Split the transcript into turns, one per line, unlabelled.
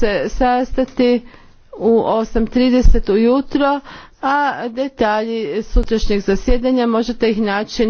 se sastati u 8.30 ujutro, a detalji sutrašnjeg zasjedanja možete ih naći na